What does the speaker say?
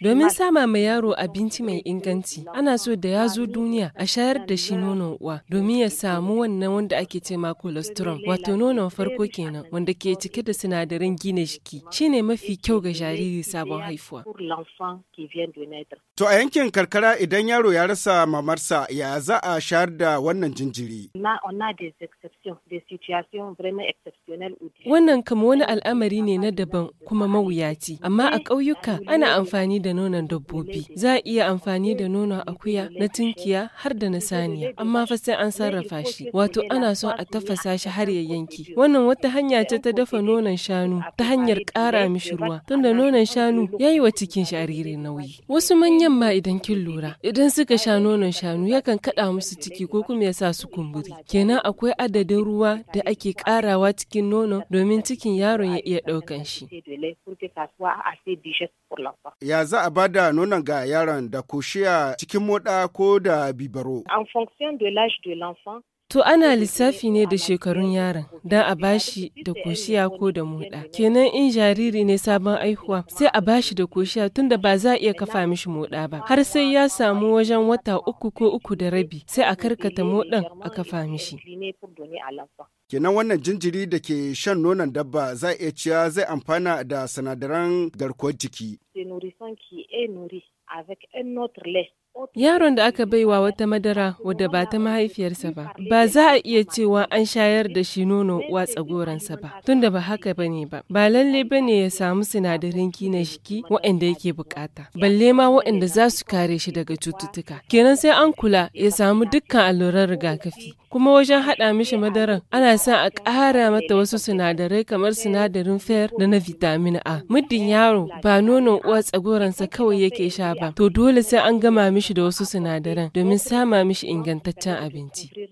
Domin sama ma yaro abinci mai inganci, ana so da ya zo duniya a shayar da shi nonon uwa domin ya samu wannan wanda ake ce ma colostrum, wato nonon farko kenan wanda ke cike da sinadarin gina jiki. Shine mafi kyau ga jariri sabon haifuwa. To a yankin karkara idan yaro ya rasa mamarsa ya za a shayar da wannan jinjiri? Wannan kama wani al'amari ne na daban kuma mawuyaci amma a ƙauyuka ana amfani da nonon dabbobi za a iya amfani da nonon akuya na tunkiya har da na saniya amma fa sai an sarrafa shi wato ana so a tafasa shi har ya yanki. wannan wata hanya ce ta dafa nonon shanu ta hanyar ƙara mishi ruwa tunda nonon shanu ya yi wa cikin sharire nauyi wasu manyan ma idan kin lura idan suka sha nonon shanu yakan kaɗa musu ciki ko kuma ya sa su kumburi kenan akwai adadin ruwa da ake ƙarawa cikin nono domin cikin yaron ya iya ɗaukan shi dalilai sun fi kasuwa a ase dishes for Ya za a bada nonon ga yaron da koshiya cikin moda ko da bibaro? En fonction de l'âge de l'enfant, To ana lissafi ne da shekarun yaron don a bashi da koshiya ko da moɗa. Kenan in jariri ne sabon aihuwa sai a bashi da koshiya tunda ba za a iya kafa mishi moɗa ba. Har sai ya samu wajen wata uku ko uku da rabi sai a karkata moɗan a kafa mishi. Kenan wannan jinjiri da ke shan nonon dabba za iya ciya zai amfana da sinadaran garkuwar jiki. Yaron da aka baiwa wata madara wadda ba ta mahaifiyarsa ba, ba za a iya cewa an shayar da shi nono watsa goransa ba, tunda ba haka ba ne ba. Ba lalle ba ne ya samu sinadarin kina-shiki waɗanda yake bukata, balle ma waɗanda za su kare shi daga cututtuka. Kenan sai an kula ya samu dukkan alluran rigakafi. Kuma wajen haɗa mishi madaran ana sa a ƙara mata wasu sinadarai kamar sinadarin fer da na vitamin A. Muddin yaro ba nono uwa tsagoransa kawai yake sha ba, to dole sai an gama mishi shi da wasu sinadaran domin sama mishi ingantaccen abinci.